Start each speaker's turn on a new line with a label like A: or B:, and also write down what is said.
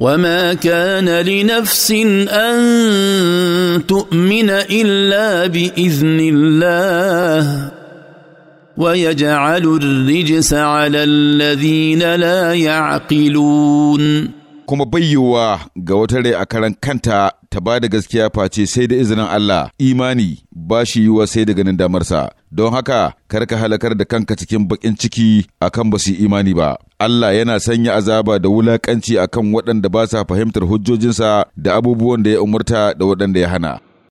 A: وما كان لنفس ان تؤمن الا باذن الله ويجعل الرجس على الذين لا يعقلون
B: kuma bayyowa ga wata rai a karan kanta ta ba da gaskiya face sai da izinin Allah imani ba shi yiwa sai da ganin damarsa don haka kar ka halakar da kanka cikin bakin ciki akan ba su imani ba Allah yana sanya azaba da wulakanci akan waɗanda ba sa fahimtar hujjojinsa da abubuwan da ya umarta da waɗanda ya hana